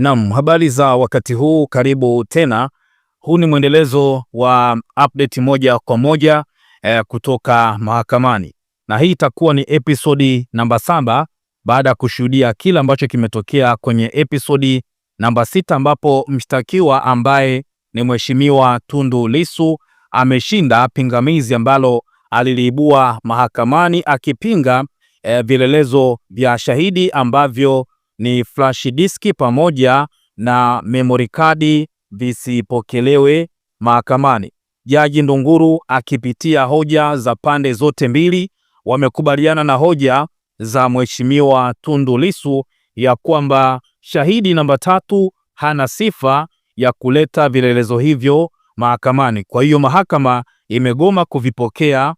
Naam, habari za wakati huu, karibu tena. Huu ni mwendelezo wa update moja kwa moja eh, kutoka mahakamani, na hii itakuwa ni episodi namba saba baada ya kushuhudia kile ambacho kimetokea kwenye episodi namba sita ambapo mshtakiwa ambaye ni mheshimiwa Tundu Lissu ameshinda pingamizi ambalo aliliibua mahakamani akipinga eh, vielelezo vya shahidi ambavyo ni flash disk pamoja na memory card visipokelewe mahakamani. Jaji Ndunguru akipitia hoja za pande zote mbili, wamekubaliana na hoja za Mheshimiwa Tundu Lissu ya kwamba shahidi namba tatu hana sifa ya kuleta vielelezo hivyo mahakamani. Kwa hiyo mahakama imegoma kuvipokea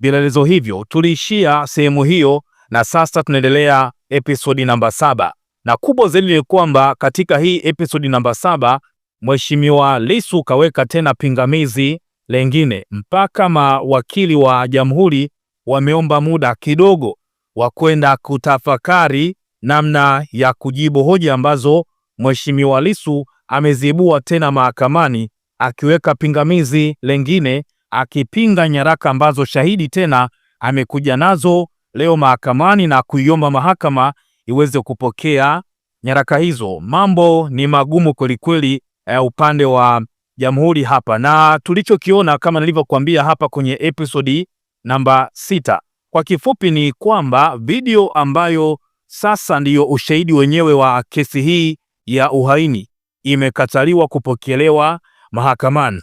vielelezo hivyo. Tuliishia sehemu hiyo na sasa tunaendelea episodi namba saba na kubwa zaidi ni kwamba katika hii episodi namba saba Mheshimiwa Lissu kaweka tena pingamizi lengine, mpaka mawakili wa jamhuri wameomba muda kidogo wa kwenda kutafakari namna ya kujibu hoja ambazo Mheshimiwa Lissu ameziibua tena mahakamani, akiweka pingamizi lengine, akipinga nyaraka ambazo shahidi tena amekuja nazo leo mahakamani na kuiomba mahakama iweze kupokea nyaraka hizo. Mambo ni magumu kwelikweli eh, upande wa jamhuri hapa, na tulichokiona kama nilivyokuambia hapa kwenye episodi namba sita, kwa kifupi ni kwamba video ambayo sasa ndiyo ushahidi wenyewe wa kesi hii ya uhaini imekataliwa kupokelewa mahakamani.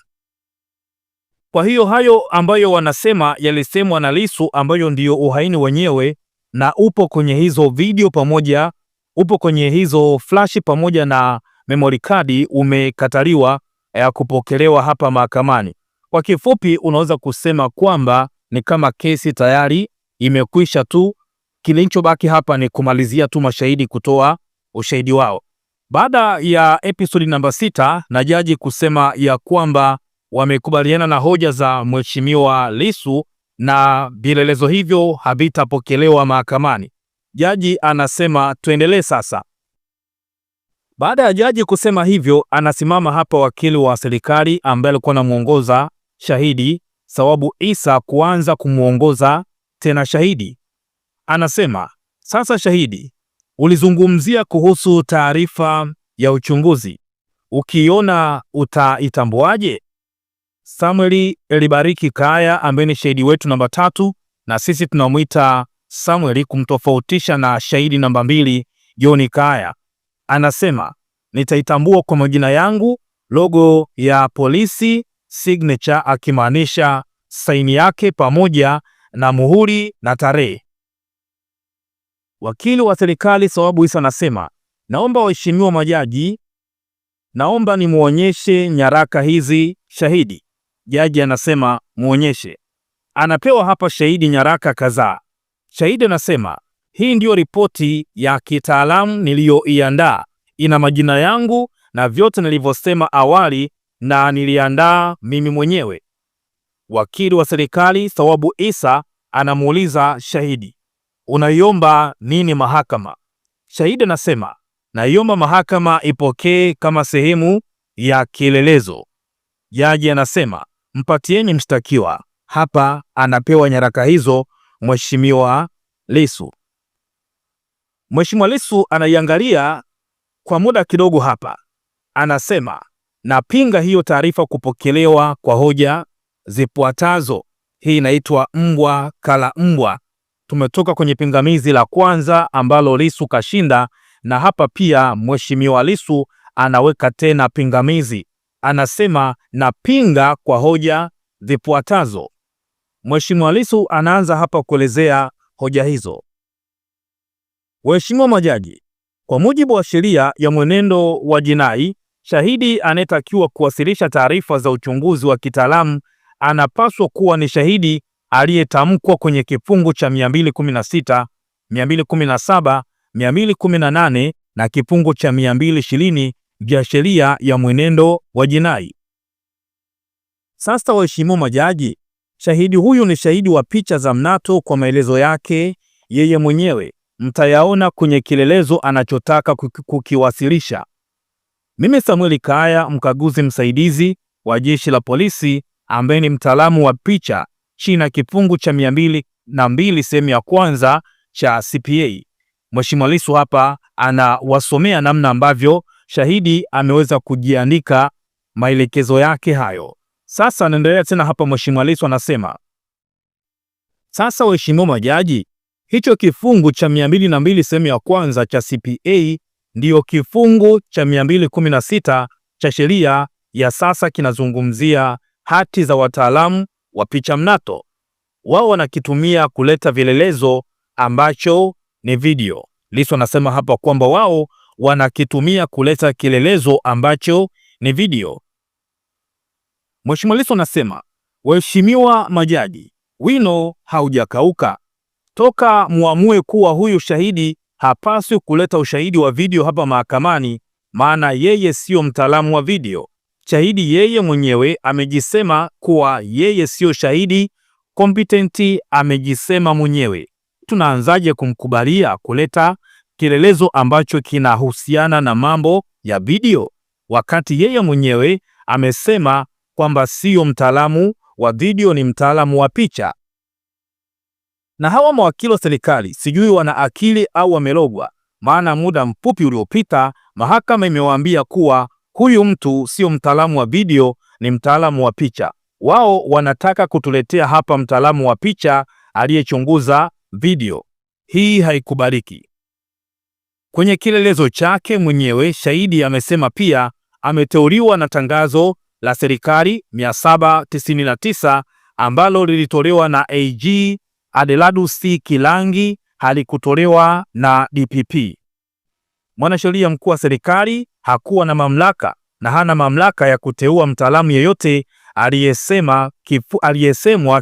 Kwa hiyo hayo ambayo wanasema yalisemwa na Lissu ambayo ndiyo uhaini wenyewe na upo kwenye hizo video pamoja, upo kwenye hizo flash pamoja na memory card, umekataliwa ya eh, kupokelewa hapa mahakamani. Kwa kifupi, unaweza kusema kwamba ni kama kesi tayari imekwisha tu, kilichobaki hapa ni kumalizia tu mashahidi kutoa ushahidi wao. Baada ya episodi namba sita na jaji kusema ya kwamba wamekubaliana na hoja za mheshimiwa Lissu na vielelezo hivyo havitapokelewa mahakamani. Jaji anasema tuendelee sasa. Baada ya jaji kusema hivyo, anasimama hapa wakili wa serikali ambaye alikuwa anamwongoza shahidi Sawabu Isa kuanza kumwongoza tena shahidi. Anasema, sasa shahidi, ulizungumzia kuhusu taarifa ya uchunguzi, ukiona utaitambuaje? Samuel alibariki Kaya ambaye ni shahidi wetu namba tatu, na sisi tunamwita Samuel kumtofautisha na shahidi namba mbili John Kaya. Anasema nitaitambua kwa majina yangu, logo ya polisi, signature akimaanisha saini yake pamoja na muhuri na tarehe. Wakili wa serikali Sawabu Isa anasema naomba waheshimiwa majaji, naomba nimuonyeshe nyaraka hizi shahidi. Jaji anasema muonyeshe. Anapewa hapa shahidi nyaraka kadhaa. Shahidi anasema hii ndiyo ripoti ya kitaalamu niliyoiandaa, ina majina yangu na vyote nilivyosema awali na niliandaa mimi mwenyewe. Wakili wa serikali Thawabu Isa anamuuliza shahidi, unaiomba nini mahakama? Shahidi anasema naiomba mahakama ipokee kama sehemu ya kielelezo. Jaji anasema mpatieni mshtakiwa. Hapa anapewa nyaraka hizo Mheshimiwa Lissu. Mheshimiwa Lissu anaiangalia kwa muda kidogo, hapa anasema napinga hiyo taarifa kupokelewa kwa hoja zifuatazo. Hii inaitwa mbwa kala mbwa. Tumetoka kwenye pingamizi la kwanza ambalo Lissu kashinda, na hapa pia Mheshimiwa Lissu anaweka tena pingamizi anasema napinga kwa hoja zifuatazo. Mheshimiwa Lissu anaanza hapa kuelezea hoja hizo. Waheshimiwa majaji, kwa mujibu wa sheria ya mwenendo wa jinai, shahidi anayetakiwa kuwasilisha taarifa za uchunguzi wa kitaalamu anapaswa kuwa ni shahidi aliyetamkwa kwenye kifungu cha 216, 217, 218 na kifungu cha 220 vya sheria ya mwenendo wa jinai. Sasa waheshimiwa majaji, shahidi huyu ni shahidi wa picha za mnato kwa maelezo yake yeye mwenyewe, mtayaona kwenye kielelezo anachotaka kukiwasilisha. Mimi Samuel Kaaya, mkaguzi msaidizi wa jeshi la polisi ambaye ni mtaalamu wa picha chini ya kifungu cha 202 sehemu ya kwanza cha CPA. Mheshimiwa Lissu hapa anawasomea namna ambavyo shahidi ameweza kujiandika maelekezo yake hayo. Sasa anaendelea tena hapa, Mheshimiwa lis anasema sasa, waheshimiwa majaji, hicho kifungu cha 202 sehemu ya kwanza cha CPA ndiyo kifungu cha 216 cha sheria ya sasa kinazungumzia hati za wataalamu wa picha mnato. Wao wanakitumia kuleta vielelezo ambacho ni video. Lissu anasema hapa kwamba wao wanakitumia kuleta kielelezo ambacho ni video. Mheshimiwa Lissu anasema, waheshimiwa majaji, wino haujakauka toka muamue kuwa huyu shahidi hapaswi kuleta ushahidi wa video hapa mahakamani, maana yeye siyo mtaalamu wa video. Shahidi yeye mwenyewe amejisema kuwa yeye siyo shahidi competent, amejisema mwenyewe. Tunaanzaje kumkubalia kuleta kielelezo ambacho kinahusiana na mambo ya video, wakati yeye mwenyewe amesema kwamba siyo mtaalamu wa video, ni mtaalamu wa picha. Na hawa mawakili wa serikali sijui wana akili au wamelogwa, maana muda mfupi uliopita mahakama imewaambia kuwa huyu mtu sio mtaalamu wa video, ni mtaalamu wa picha. Wao wanataka kutuletea hapa mtaalamu wa picha aliyechunguza video. Hii haikubaliki. Kwenye kielelezo chake mwenyewe, shahidi amesema pia ameteuliwa na tangazo la serikali 799 ambalo lilitolewa na AG Adeladus Kilangi, halikutolewa na DPP. Mwanasheria mkuu wa serikali hakuwa na mamlaka na hana mamlaka ya kuteua mtaalamu yeyote aliyesemwa kifu,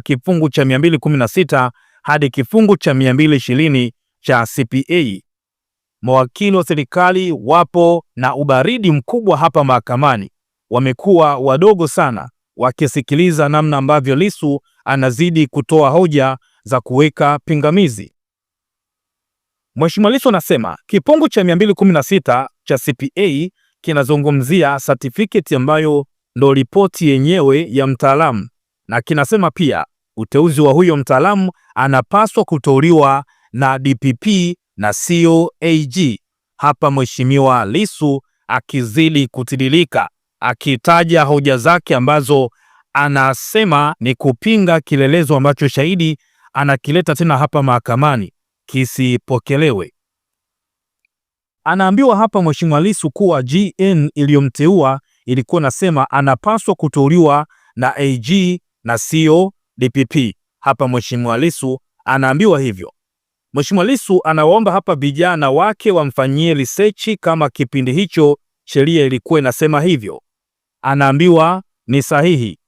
kifungu cha 216 hadi kifungu cha 220 cha CPA mawakili wa serikali wapo na ubaridi mkubwa hapa mahakamani, wamekuwa wadogo sana wakisikiliza namna ambavyo Lissu anazidi kutoa hoja za kuweka pingamizi. Mheshimiwa Lissu anasema kifungu cha 216 cha CPA kinazungumzia certificate ambayo ndo ripoti yenyewe ya mtaalamu, na kinasema pia uteuzi wa huyo mtaalamu anapaswa kuteuliwa na DPP na sio AG. Hapa Mheshimiwa Lissu akizidi kutidilika akitaja hoja zake ambazo anasema ni kupinga kilelezo ambacho shahidi anakileta tena hapa mahakamani kisipokelewe. Anaambiwa hapa Mheshimiwa Lissu kuwa GN iliyomteua ilikuwa nasema anapaswa kuteuliwa na AG na sio DPP. Hapa Mheshimiwa Lissu anaambiwa hivyo. Mheshimiwa Lissu anawaomba hapa vijana wake wamfanyie research kama kipindi hicho sheria ilikuwa inasema hivyo. Anaambiwa ni sahihi.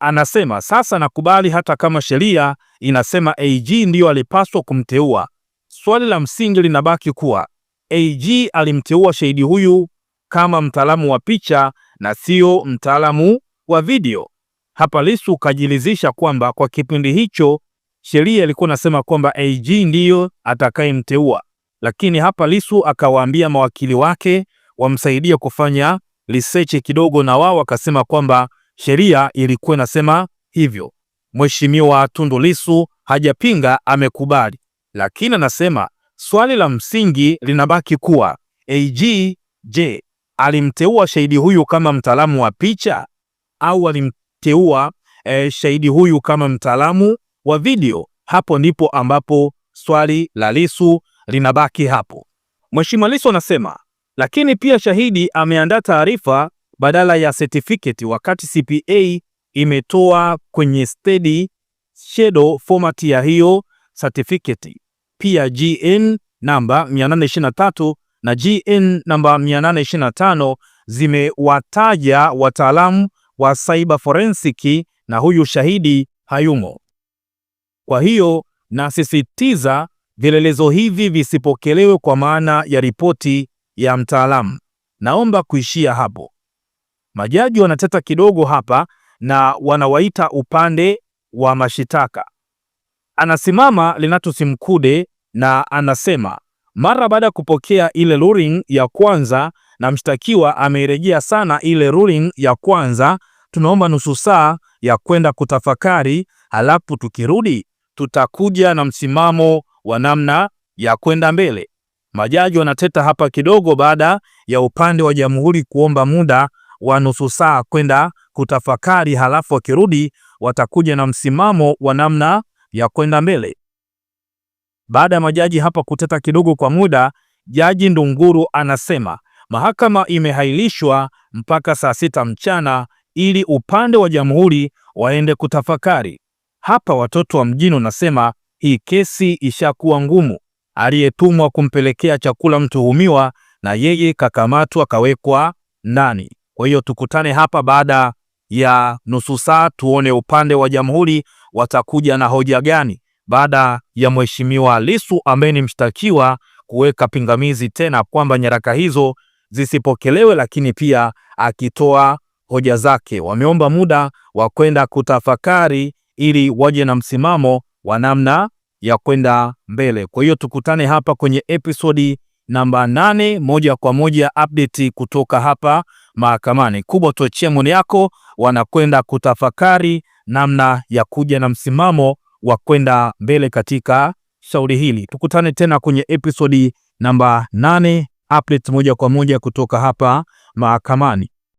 Anasema sasa nakubali hata kama sheria inasema AG ndiyo alipaswa kumteua. Swali la msingi linabaki kuwa AG alimteua shahidi huyu kama mtaalamu wa picha na sio mtaalamu wa video. Hapa Lissu kajilizisha kwamba kwa kipindi hicho sheria ilikuwa nasema kwamba AG ndiyo atakayemteua, lakini hapa Lissu akawaambia mawakili wake wamsaidia kufanya research kidogo, na wao wakasema kwamba sheria ilikuwa inasema hivyo. Mheshimiwa Tundu Lissu hajapinga, amekubali, lakini anasema swali la msingi linabaki kuwa AG, je, alimteua shahidi huyu kama mtaalamu wa picha au alimteua eh, shahidi huyu kama mtaalamu wa video, hapo ndipo ambapo swali la Lissu linabaki hapo. Mheshimiwa Lissu anasema lakini pia shahidi ameandaa taarifa badala ya certificate, wakati CPA imetoa kwenye steady shadow format ya hiyo certificate. Pia GN namba 823 na GN namba 825 zimewataja wataalamu wa cyber forensic na huyu shahidi hayumo. Kwa hiyo nasisitiza vielelezo hivi visipokelewe kwa maana ya ripoti ya mtaalamu. Naomba kuishia hapo. Majaji wanateta kidogo hapa na wanawaita upande wa mashitaka. Anasimama Renatus Mkude na anasema mara baada ya kupokea ile ruling ya kwanza na mshtakiwa ameirejea sana ile ruling ya kwanza, tunaomba nusu saa ya kwenda kutafakari, halafu tukirudi tutakuja na msimamo wa namna ya kwenda mbele. Majaji wanateta hapa kidogo baada ya upande wa jamhuri kuomba muda wa nusu saa kwenda kutafakari, halafu wakirudi watakuja na msimamo wa namna ya kwenda mbele. Baada ya majaji hapa kuteta kidogo kwa muda, Jaji Ndunguru anasema mahakama imehailishwa mpaka saa sita mchana ili upande wa jamhuri waende kutafakari. Hapa watoto wa mjini unasema hii kesi ishakuwa ngumu. Aliyetumwa kumpelekea chakula mtuhumiwa na yeye kakamatwa akawekwa ndani. Kwa hiyo tukutane hapa baada ya nusu saa, tuone upande wa jamhuri watakuja na hoja gani baada ya mheshimiwa Lissu ambaye ni mshtakiwa kuweka pingamizi tena kwamba nyaraka hizo zisipokelewe, lakini pia akitoa hoja zake. Wameomba muda wa kwenda kutafakari ili waje na msimamo wa namna ya kwenda mbele. Kwa hiyo tukutane hapa kwenye episodi namba nane moja kwa moja update kutoka hapa mahakamani. Kubwa tuachie maoni yako, wanakwenda kutafakari namna ya kuja na msimamo wa kwenda mbele katika shauri hili. Tukutane tena kwenye episodi namba nane update moja kwa moja kutoka hapa mahakamani.